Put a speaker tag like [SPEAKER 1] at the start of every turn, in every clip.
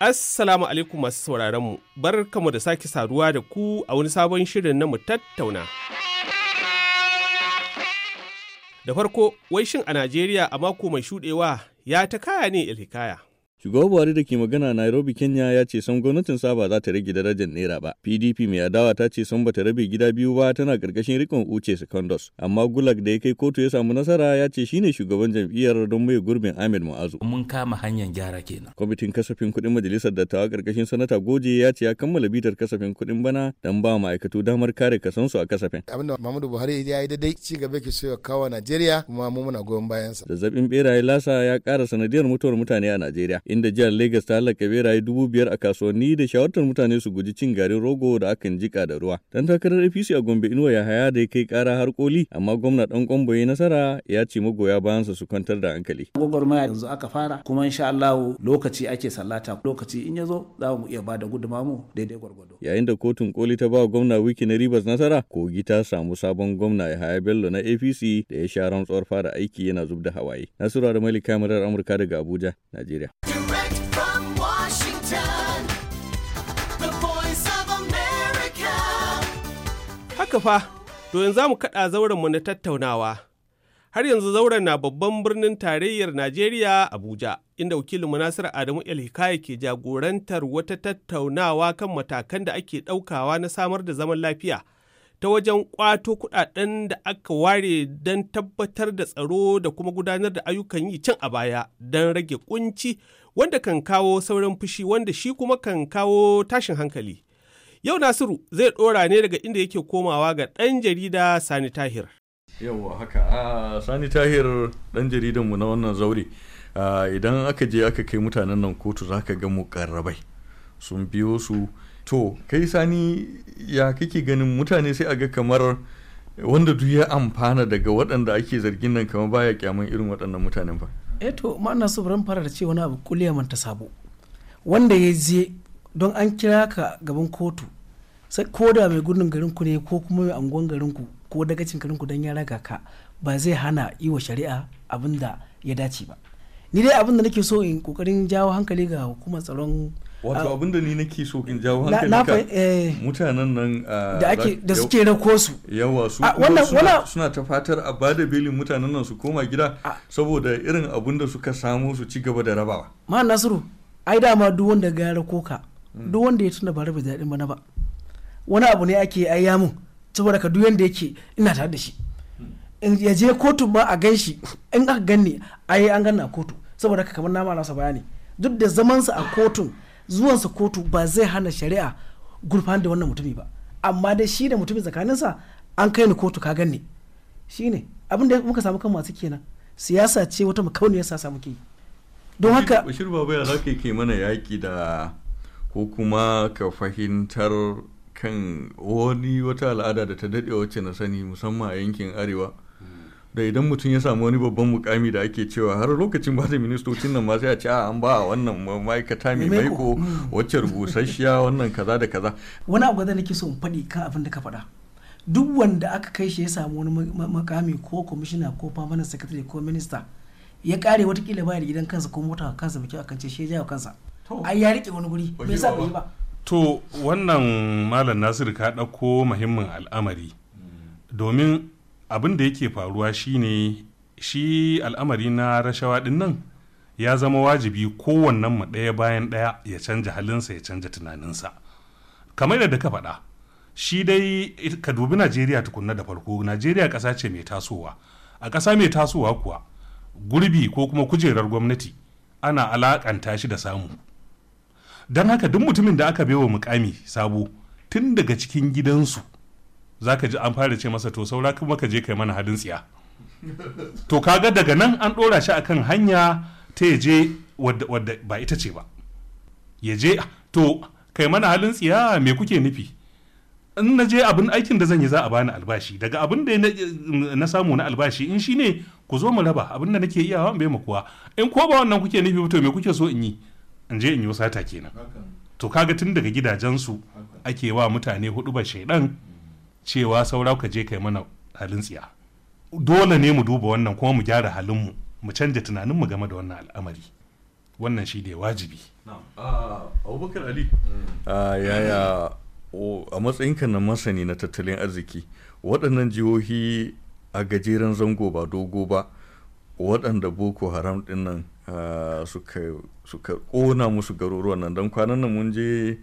[SPEAKER 1] Assalamu alaikum masu sauraron mu, bar kamu da sake saduwa da ku a wani sabon shirin na mu tattauna. Da farko, wai shin a Najeriya a mako mai shuɗewa ya ta kaya ne ilhikaya.
[SPEAKER 2] Shugaba Buhari da ke magana Nairobi, Kenya ya ce san gwamnatin sa ba za ta rage darajar naira ba. PDP mai adawa ta ce san bata rabe gida biyu ba tana karkashin rikon Uche Secondos. Amma Gulag da ya kai kotu ya samu nasara ya ce shine shugaban jam'iyyar don mai gurbin Ahmed Mu'azu.
[SPEAKER 3] Mun kama hanyar gyara kenan.
[SPEAKER 2] Kwamitin kasafin kuɗin majalisar dattawa karkashin sanata Goje ya ce ya kammala bitar kasafin kuɗin bana don ba ma'aikatu damar kare kasansu a kasafin.
[SPEAKER 1] Abinda Muhammadu Buhari ya yi daidai ci gaba ke so ya kawo Najeriya kuma mu muna goyon bayansa.
[SPEAKER 2] Zazzabin beraye lasa ya ƙara sanadiyar mutuwar mutane a Najeriya. inda jihar Legas ta halaka beraye dubu biyar a kasuwanni da shawartar mutane su guji cin garin rogo da akan jika da ruwa. Dan takarar APC a Gombe Inuwa ya haya da ya kai kara har koli amma gwamna dan kwamboye ya nasara ya ce magoya bayansa su kwantar da hankali.
[SPEAKER 4] Gwagwarmaya yanzu aka fara kuma insha Allah lokaci ake sallata lokaci in ya zo za mu iya bada gudunmawa mu daidai gwargwado.
[SPEAKER 2] Yayin da kotun koli ta ba gwamna wiki na Rivers nasara kogi ta samu sabon gwamna ya haya Bello na APC da ya sha rantsuwar fara aiki yana zub da hawaye. Nasura da Malika kamarar Amurka daga Abuja, Najeriya.
[SPEAKER 1] Haka fa, to yanzu za mu kaɗa zaurenmu na tattaunawa. Har yanzu zauren na babban birnin tarayyar Najeriya Abuja, inda wakilin munasir Adamu Hikaya ke jagorantar wata tattaunawa kan matakan da ake ɗaukawa na samar da zaman lafiya ta wajen ƙwato kuɗaɗen da aka ware don tabbatar da tsaro da kuma gudanar da ayyukan yi can a baya don rage kunci wanda kan kawo sauran fushi wanda shi kuma kan kawo tashin hankali. Yau Nasiru zai ɗora ne daga inda yake komawa ga ɗan jarida Sani Tahir.
[SPEAKER 2] yau haka, ah, Sani Tahir ɗan jaridanmu na wannan zaure. Ah, idan aka je aka kai mutanen nan kotu za ka ga karrabai sun biyo su. To, kai Sani ya kake ganin mutane sai a ga kamar wanda duk ya amfana daga waɗanda ake zargin nan kamar baya kyaman irin waɗannan mutanen ba
[SPEAKER 4] Eto, eh ma'ana su fara da ce wani abu kuliyar manta sabo. Wanda ya je don an kira ka gaban kotu ko da mai gudun garin ku ne ko kuma mai anguwan garin ku ko dagacin garin ku dan ya raga ka ba zai hana yi wa shari'a abin da ya dace ba ni dai abin da nake so in kokarin jawo hankali ga hukumar tsaron wato ah,
[SPEAKER 2] abin da ni nake so in jawo hankali ga eh, mutanen nan ah, da suke rako su yawa su ah, suna ta fatar a bada belin mutanen nan su koma gida saboda irin abin da suka samo su ci gaba da rabawa
[SPEAKER 4] ma nasiru ai dama duk wanda ga ya rako ka hmm. duk wanda ya tuna ba rabe daɗin na ba wani abu ne ake ai ya mun saboda ka duk yanda yake ina tare da shi in ya je kotu ba a gan shi in aka gan ganni ai an ganna kotu saboda ka kamar nama nasa bayani duk da zamansa a kotun zuwansa kotu ba zai hana shari'a gurfan da wannan mutumi ba amma da shi da mutumin sa an kai ni kotu ka gan ganni shine abin da muka samu kan masu kenan siyasa ce wata makauniyar samu ke.
[SPEAKER 2] don haka bashir babu ya zaka ke mana yaki da ko kuma ka fahimtar kan wani wata al'ada da ta daɗe wacce na sani musamman a yankin arewa da idan mutum ya samu wani babban mukami da ake cewa har lokacin ba da ministocin nan ma sai a ce an ba wannan ma'aikata mai maiko hmm. wacce rubusasshiya wannan kaza da kaza
[SPEAKER 4] wani abu da nake so in faɗi kan abin da ka faɗa duk wanda aka kai shi ya samu wani mukami ko kwamishina ko famanin sakatare ko minista ya kare watakila baya da gidan kansa ko mota kansa mai kyau akan ce shi ya jawo kansa ai ya rike wani guri bai sa bai ba
[SPEAKER 3] to wannan malam nasiru ka ɗauko muhimmin al'amari domin abin da yake faruwa shine shi al'amari na rashawa din nan ya zama wajibi kowannen mu ɗaya bayan ɗaya ya canja halinsa ya canja tunaninsa kamar yadda ka faɗa shi dai ka dubi najeriya tukunna da farko najeriya ƙasa ce mai tasowa a ƙasa mai tasowa kuwa gurbi ko kuma kujerar gwamnati ana alaƙanta shi da samu don haka duk mutumin da aka baiwa mukami sabo tun daga cikin gidansu za ka ji an fara ce masa to saura kuma ka je kai mana hadin tsiya to kaga daga nan an ɗora shi akan hanya ta ya je wadda ba ita ce ba ya je to kai mana halin tsiya me kuke nufi in na je abin aikin da zan yi za a bani albashi daga abin da na samu na albashi in shine ku zo mu raba abin da nake iyawa bai makuwa in ko ba wannan kuke nufi to me kuke so in yi in je in yi sata kenan to kaga tun daga gidajensu ake wa mutane hudu ba shaidan cewa saura ka je kai mana halin tsiya dole ne mu duba wannan kuma mu gyara halinmu mu canja tunaninmu game da wannan al'amari wannan shi ne wajibi
[SPEAKER 2] ah, abubakar ali yaya ah, a matsayinka na masani na tattalin arziki waɗannan jihohi a gajeren zango ba dogo ba waɗanda boko haram ɗinnan Ah, suka ƙona musu garuruwan nan don kwanan nan mun je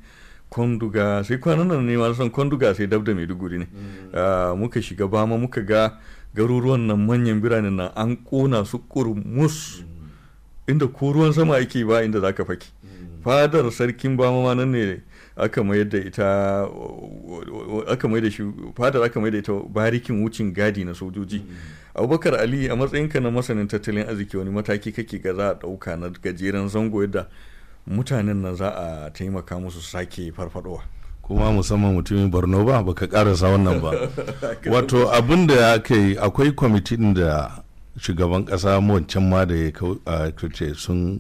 [SPEAKER 2] kwanduga sai kwanan nan ne ma san kwanduga sai dab da maiduguri ne mm. ah, muka shiga bama muka ga garuruwan nan manyan birane na an ƙona su kurmus mm. inda ko ruwan sama ake ba inda zaka fake mm. fadar sarkin bama ma nan ne aka maida da ita aka aka mai da ita barikin wucin gadi na sojoji abubakar ali a matsayinka na masanin tattalin arziki wani mataki kake ga za a ɗauka na gajeren zango yadda mutanen nan za a taimaka musu sake farfadowa
[SPEAKER 5] kuma musamman mutumin borno ba baka karasa wannan ba wato abin da ya kai akwai kwamitin da shugaban kasa wancan ma da ya kauce sun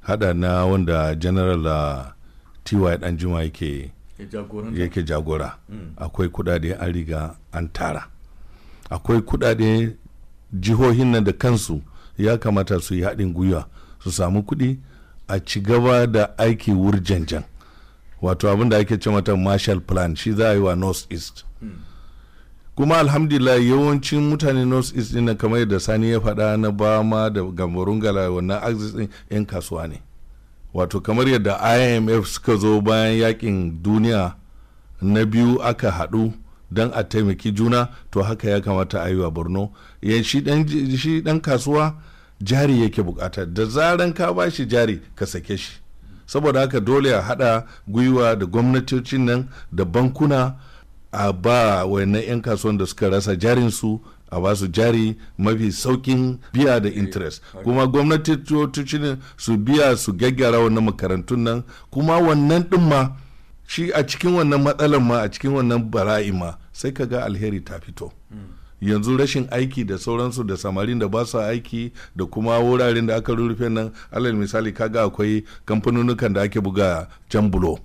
[SPEAKER 5] hada na wanda general ty danjuma yake yake jagora hmm. akwai kudade an riga an tara akwai kudade jihohin nan da kansu ya kamata su yi haɗin gwiwa su samu kuɗi a ci gaba da aiki wurjanjan wato abin da ake ce mata marshal plan shi za a yi wa north east kuma alhamdulillah yawancin mutane north east ɗin kamar yadda sani ya faɗa na bama da gambarun gala wannan axis ɗin yan kasuwa ne wato kamar yadda imf suka zo bayan yakin duniya na biyu aka haɗu don a taimaki juna to haka ya kamata a yi wa borno shi dan kasuwa jari yake bukata da zaran ka ba shi jari ka sake shi saboda haka dole a hada gwiwa da gwamnatocin nan da bankuna a ba wayannan 'yan kasuwan da suka rasa jarin su a ba su jari mafi saukin biya da interest eh, kuma gwamnatocin su biya su gaggara wannan makarantun nan kuma wannan din ma shi a cikin wannan matsalar ma a cikin wannan bara'in ma sai ka ga alheri ta fito yanzu rashin aiki da sauransu da samarin da ba su aiki da kuma wuraren da aka rurrufe nan alal misali kaga akwai kamfanonukan da ake buga jan bulo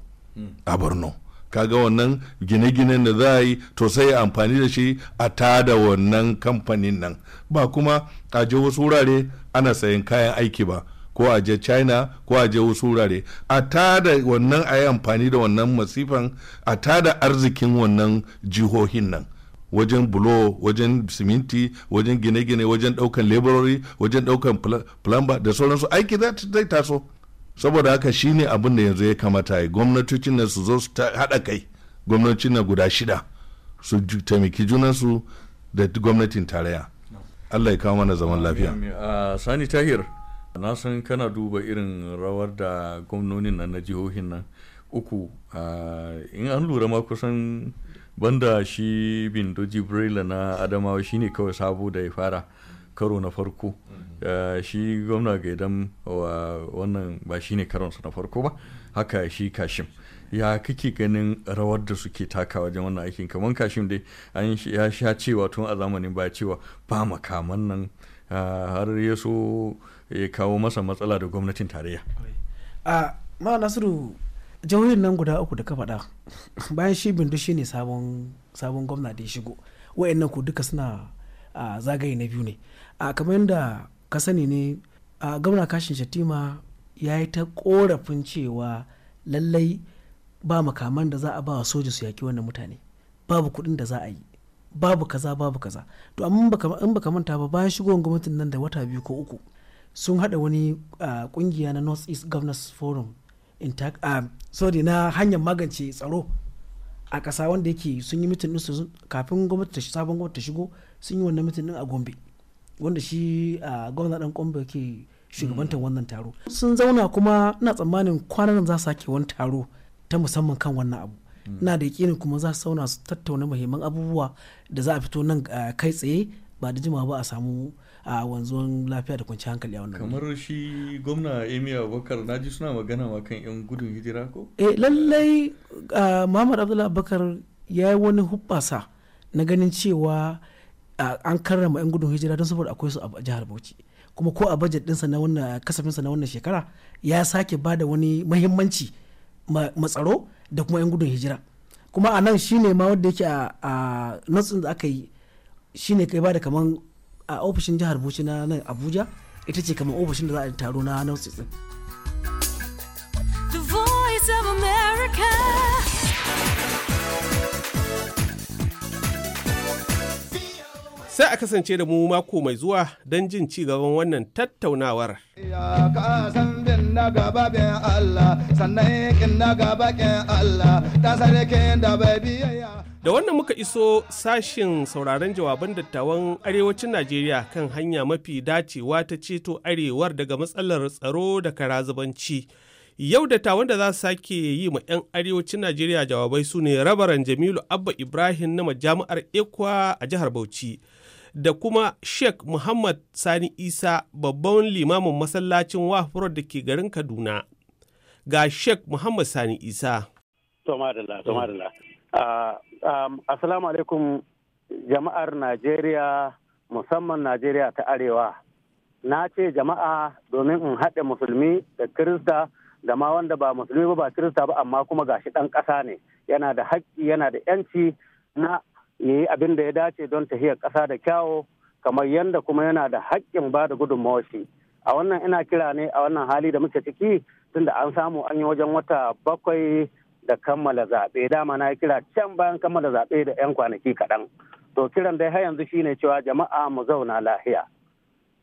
[SPEAKER 5] a borno kaga wannan gine-ginen da za a yi to sai amfani da shi a ta da wannan kamfanin nan ba kuma a je wasu wurare ana sayan kayan aiki ba ko a je china ko a je wasu wurare a tada wannan a yi amfani da wannan masifan a tada arzikin wannan jihohin nan wajen bulo wajen siminti wajen gine-gine wajen daukan leburori wajen daukan plumber da sauransu aiki zai taso saboda haka shine abin da yanzu ya kamata ya gwamnatocin nan su zo su haɗa kai gwamnatocin na guda shida su taimaki junansu da gwamnatin tarayya allah ya kawo mana zaman lafiya
[SPEAKER 2] ah, sani tahir na san kana duba irin rawar da gwamnonin nan na jihohin nan uku in an lura ma kusan banda shi bindo jibrila na adamawa shine kawai sabo da ya fara karo na farko shi gwamna gaidan wannan ba shi ne karonsa na farko ba haka shi kashim ya kake ganin rawar da suke taka wajen wannan aikin kamar kashim dai ya sha cewa tun a zamanin ba cewa ba makaman nan Ah, har ya so ya kawo masa matsala da gwamnatin tarayya
[SPEAKER 4] a ah, ma nasiru jihohin nan guda uku da ka faɗa bayan shi bindu shi sabon sabon gwamna da ya shigo wa'annan ku duka suna ah, zagaye na biyu ne a kamar yadda ka sani ne a gwamna kashin shatima ya yi ta korafin cewa lallai ba makaman da za a ba wa soja su yaki wannan mutane babu kuɗin da za a yi babu kaza babu kaza to amma in baka manta ba bayan shigowar gwamnatin nan da wata biyu ko uku sun hada wani kungiya na north east governors forum sorry na hanyar magance tsaro a ƙasa wanda yake sun yi mitin su kafin gwamnati sabon gwamnati ta shigo sun yi wannan mitin a gombe wanda shi a gwamna dan gombe ke shugabantar wannan taro sun zauna kuma ina tsammanin kwanan za su sake wani taro ta musamman kan wannan abu ina da ne kuma za su sauna su tattauna muhimman abubuwa da za a fito nan kai tsaye ba da jimawa ba a samu a wanzuwan lafiya da kwanci hankali a wannan kamar
[SPEAKER 2] shi gwamna emi abubakar na ji suna magana ma kan yan gudun hijira ko
[SPEAKER 4] eh lallai muhammad abdullahi abubakar ya yi wani hubbasa na ganin cewa an karrama yan gudun hijira don saboda akwai su a jihar bauchi kuma ko a bajet dinsa na wannan kasafinsa na wannan shekara ya sake ba da wani mahimmanci matsaro da kuma 'yan gudun hijira kuma a nan shine ma wanda yake a nutsin da aka yi shine kai ba da kaman a ofishin jihar bauchi na nan abuja ita ce kaman ofishin da za a taro na nutsin
[SPEAKER 3] The Voice America
[SPEAKER 1] sai a kasance da mu mako mai zuwa don jin ci gaban wannan tattaunawar. Da wannan muka iso sashin sauraron jawaban dattawan arewacin Najeriya kan hanya mafi dacewa ta ceto arewar daga matsalar tsaro da karazubanci. Yau da dattawan da za su sake yi ma 'yan arewacin Najeriya jawabai su ne rabaran Jamilu Abba Ibrahim na majami'ar Ekwa a jihar Bauchi. da kuma Sheikh Muhammad Sani Isa babban limamin masallacin wafurar da ke garin Kaduna. Ga Sheikh Muhammad Sani Isa.
[SPEAKER 6] Ah, um, assalamu alaikum jama'ar Najeriya musamman Najeriya ta Arewa. Na ce jama'a domin in haɗe musulmi da Kirista da ma wanda ba musulmi ba ba Kirista ba amma kuma ga shi ɗan ƙasa ne. Yana da haƙƙi yana da 'yanci na yi abin da ya dace don tahiyar ƙasa da kyawo kamar yadda kuma yana da haƙƙin ba da gudunmawar shi a wannan ina kira ne a wannan hali da muke ciki tunda an samu an yi wajen wata bakwai da kammala zaɓe dama na kira can bayan kammala zaɓe da 'yan kwanaki kaɗan to kiran dai har yanzu shine cewa jama'a mu zauna lahiya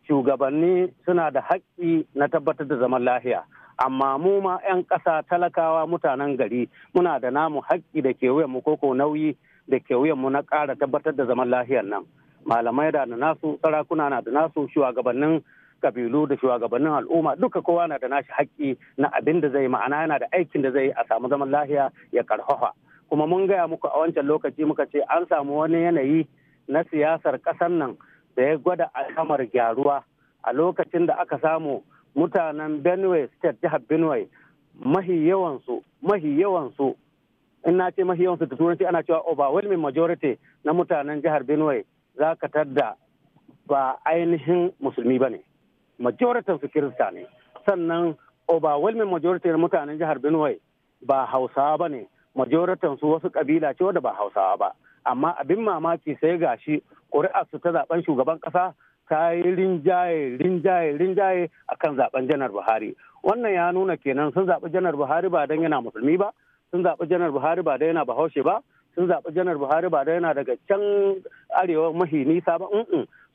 [SPEAKER 6] shugabanni suna da haƙƙi na tabbatar da zaman lahiya amma mu ma 'yan ƙasa talakawa mutanen gari muna da namu haƙƙi da ke mu koko nauyi da ke mu na ƙara tabbatar da zaman lahiyar nan malamai da na nasu sarakuna na da nasu shugabannin kabilu da shugabannin al'umma duka kowa na da nashi haƙƙi na abin da zai ma'ana yana da aikin da zai a samu zaman lahiya ya karfafa kuma mun gaya muku a wancan lokaci muka ce an samu wani yanayi na siyasar ƙasar nan da ya gwada alhamar gyaruwa a lokacin da aka samu mutanen benue state jihar benue mahi yawansu mahi yawansu in na ce mafi yawan su turanci ana cewa overwhelming majority na mutanen jihar benue za ka tadda ba ainihin musulmi ba ne majoritin su kirista ne sannan overwhelming majority na mutanen jihar benue ba hausawa ba ne majoritin su wasu kabila ce wadda ba hausawa ba amma abin mamaki sai gashi ƙuri'ar su ta zaben shugaban ƙasa ta yi rinjaye rinjaye rinjaye akan zaɓen janar buhari wannan ya nuna kenan sun zaɓi janar buhari ba don yana musulmi ba sun zaɓi janar buhari ba da yana bahaushe ba sun zaɓi janar buhari ba da yana daga can arewa mahi nisa ba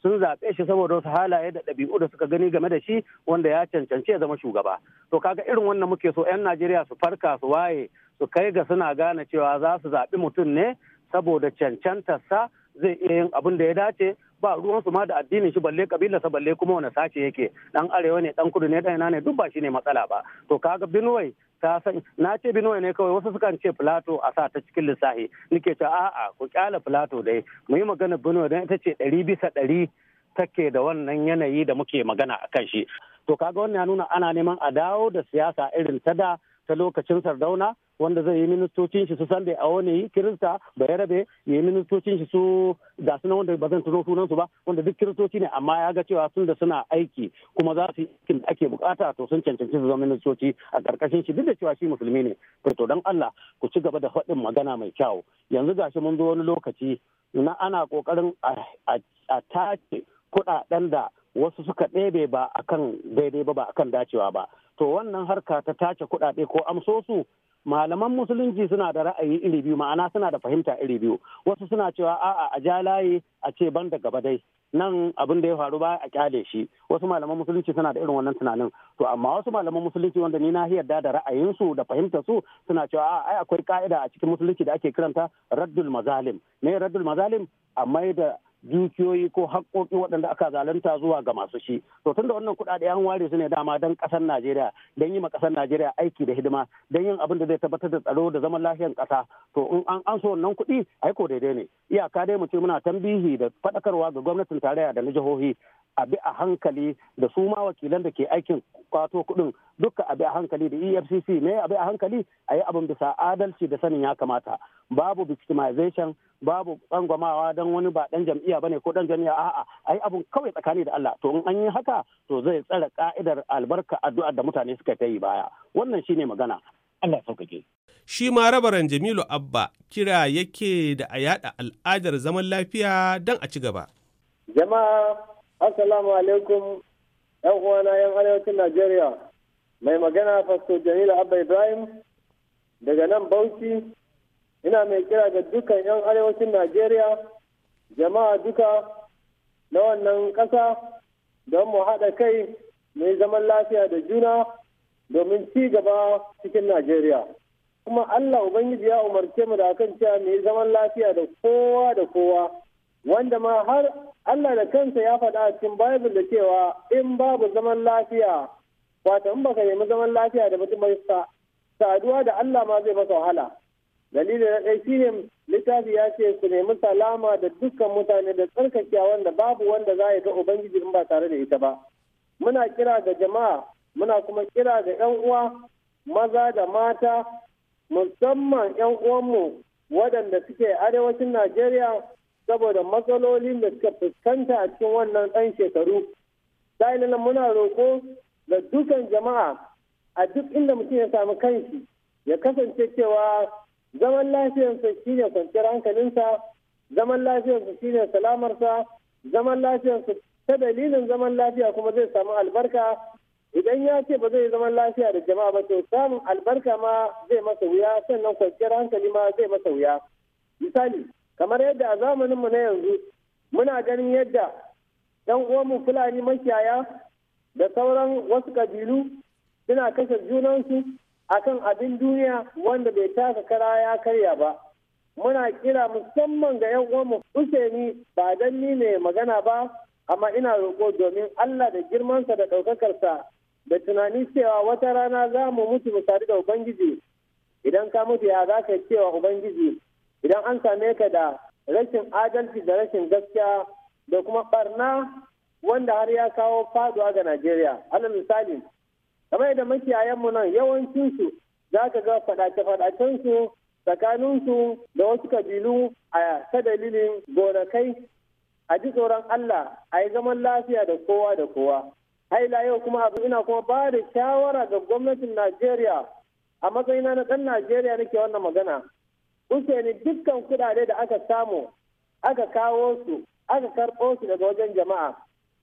[SPEAKER 6] sun zaɓe shi saboda wasu halaye da ɗabi'u da suka gani game da shi wanda ya cancanci ya zama shugaba to kaga irin wannan muke so 'yan najeriya su farka su waye su kai ga suna gane cewa za su zaɓi mutum ne saboda cancantarsa zai iya yin abin da ya dace ba ruwan su ma da addinin shi balle sa balle kuma wani sace yake dan arewa ne dan kudu ne dan ina ne duk ba shi ne matsala ba to kaga binuwai. ka san na ce binuwa ne kawai wasu sukan ce plato a sa ta cikin lissafi nike ce a'a ku kyala plato dai mu yi magana binuwa don ita ce ɗari bisa ɗari take da wannan yanayi da muke magana a kan shi to kaga wannan ya nuna ana neman a dawo da siyasa irin ta da ta lokacin sardauna wanda zai yi ministocin shi su da a wani kirista bayarabe ya yi ministocin shi su ga suna wanda ba zan tuno sunansu ba wanda duk kiristoci ne amma ya ga cewa sun da suna aiki kuma za su yi ake bukata to sun cancanci su zama ministoci a karkashin shi duk da cewa shi musulmi ne to dan Allah ku ci gaba da faɗin magana mai kyau yanzu gashi mun zo wani lokaci na ana kokarin a tace kuɗaɗen da wasu suka ɗebe ba akan daidai ba ba akan dacewa ba to wannan harka ta tace kuɗaɗe ko amso su malaman musulunci suna da ra'ayi iri biyu ma'ana suna da fahimta iri biyu wasu suna cewa a'a a ja layi a ce ban da gaba dai nan abin da ya faru ba a kyale shi wasu malaman musulunci suna da irin wannan tunanin to amma wasu malaman musulunci wanda ni na yarda da su da fahimtar su suna cewa a ai akwai ka'ida a cikin musulunci da ake kiranta raddul mazalim me raddul mazalim a mai da dukiyoyi ko haƙƙoƙi waɗanda aka zalunta zuwa ga masu shi to tunda wannan kuɗaɗe an ware su ne dama don ƙasar Najeriya don yi ma ƙasar Najeriya aiki da hidima don yin abin da zai tabbatar da tsaro da zaman lafiyar ƙasa to in an an so wannan kuɗi aiko daidai ne iyaka dai mu ce muna tambihi da faɗakarwa ga gwamnatin tarayya da na jihohi a bi a hankali da su ma wakilan da ke aikin kwato kudin duka a bi a hankali da efcc ne a bi a hankali a yi abin bisa adalci da sanin ya kamata babu victimization babu tsangwamawa don wani ba dan jam'iyya bane ko dan jam'iyya a'a a yi abin kawai tsakani da Allah to in an yi haka to zai tsare ka'idar albarka addu'ar da mutane suka ta yi baya wannan shine magana Allah sauƙaƙe.
[SPEAKER 1] Shi ma rabaran Jamilu Abba kira yake da a yada al'adar zaman lafiya don a ci gaba.
[SPEAKER 7] Jama'a Assalamu alaikum ‘yan uwana ‘yan arewacin Najeriya, mai magana Fasto Jamilu Abba Ibrahim daga nan Bauchi, ina mai kira ga dukkan ‘yan arewacin Najeriya, jama'a duka na wannan ƙasa don mu haɗa kai mai zaman lafiya da juna domin ci gaba cikin Najeriya. Kuma Allah Ubangiji ya umarce mu da akan cewa mai zaman lafiya da kowa da kowa. wanda ma har Allah da kansa ya faɗa a cikin Bible da cewa in babu zaman lafiya wato in baka nemi zaman lafiya da mutum bai saduwa da Allah ma zai masa wahala dalili na ɗaya ne littafi ya ce su nemi salama da dukkan mutane da tsarkakiya wanda babu wanda za ya ga ubangiji in ba tare da ita ba muna kira ga jama'a muna kuma kira ga yan uwa maza da mata musamman yan uwanmu waɗanda suke arewacin najeriya saboda matsalolin da suka fuskanta a cikin wannan ɗan shekaru sa'ilin muna roƙo ga dukan jama'a a duk inda mutum ya samu kanshi ya kasance cewa zaman lafiyarsa shine kwanciyar hankalinsa zaman lafiyarsa shine salamarsa zaman lafiyarsa ta dalilin zaman lafiya kuma zai samu albarka idan ya ce ba zai zaman lafiya da jama'a ba to samun albarka ma zai masa wuya sannan kwanciyar hankali ma zai masa wuya misali kamar yadda a zamaninmu na yanzu muna ganin yadda ɗan uwanmu fulani makiyaya da sauran wasu kabilu suna kashe junansu a kan abin duniya wanda bai taka kara ya karya ba muna kira musamman ga yan uwanmu Usaini ba dan ni ne magana ba amma ina roƙo domin Allah da girmansa da ɗaukakarsa da tunani cewa wata rana za mu mutu mu sadu da Ubangiji idan ka mutu ya za ka cewa Ubangiji idan an same ka da rashin adalci da rashin gaskiya da kuma barna wanda har ya kawo faduwa ga najeriya Allah misali kamar yadda makiyayenmu nan yawancinsu za ka ga faɗace-faɗacensu tsakaninsu da wasu kabilu a ta dalilin gonakai a ji tsoron Allah a yi zaman lafiya da kowa da kowa. Haila yau kuma abu ina kuma ba da shawara ga gwamnatin Najeriya a matsayina na ɗan Najeriya nake wannan magana Usaini dukkan kudade da aka samu aka kawo su aka karɓo su daga wajen jama'a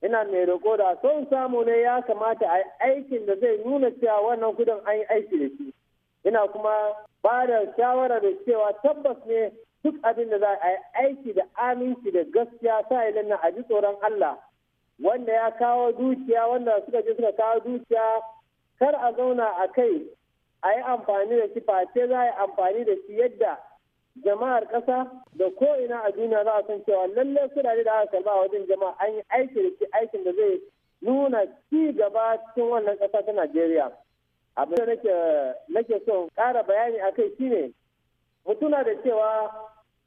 [SPEAKER 7] ina mai roƙo da son samu ne ya kamata a aikin da zai nuna cewa wannan kudin an yi aiki da shi ina kuma ba da shawara da cewa tabbas ne duk abin da za a yi aiki da aminci da gaskiya sa na a ji tsoron Allah wanda ya kawo dukiya wanda suka je suka kawo dukiya kar a zauna a kai a yi amfani da shi face za a yi amfani da shi yadda jama'ar ƙasa da ko'ina a duniya za a san cewa lalle kudade da aka karba a wajen jama'a an yi aiki da shi aikin da zai nuna ci gaba cikin wannan ƙasa ta Najeriya. Abin da nake nake so ƙara bayani a kai shine mutuna da cewa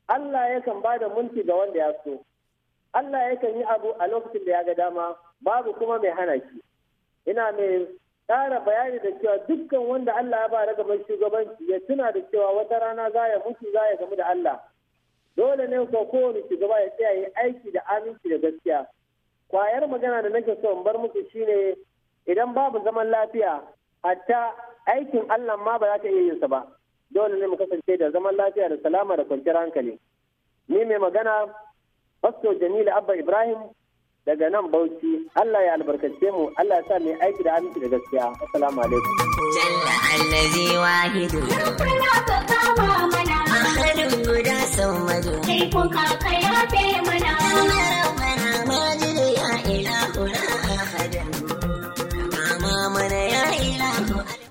[SPEAKER 7] Allah yakan ba da mulki ga wanda ya so. Allah yakan yi abu a lokacin da ya ga dama babu kuma mai hana shi. Ina mai ƙara bayani da cewa dukkan wanda Allah ya ba da gaban shugabanci ya tuna da cewa wata rana za ya mutu za ya gamu da Allah. Dole ne ko kowane shugaba ya tsaya yi aiki da aminci da gaskiya. Kwayar magana da nake so in bar muku shine idan babu zaman lafiya hatta aikin Allah ma ba za ta iya yin sa ba. Dole ne mu kasance da zaman lafiya da salama da kwanciyar hankali. Ni mai magana Pastor Jamilu Abba Ibrahim daga nan Bauchi Allah ya albarkace mu Allah ya sa mu aiki da aminci da gaskiya assalamu alaikum jalla allazi
[SPEAKER 4] wahidu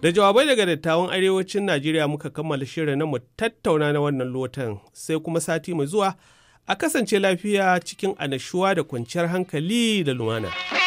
[SPEAKER 1] Da jawabai daga dattawan arewacin Najeriya muka kammala shirin na mu tattauna na wannan lotan sai kuma sati mai zuwa A kasance lafiya cikin anashuwa da kwanciyar hankali da lumana.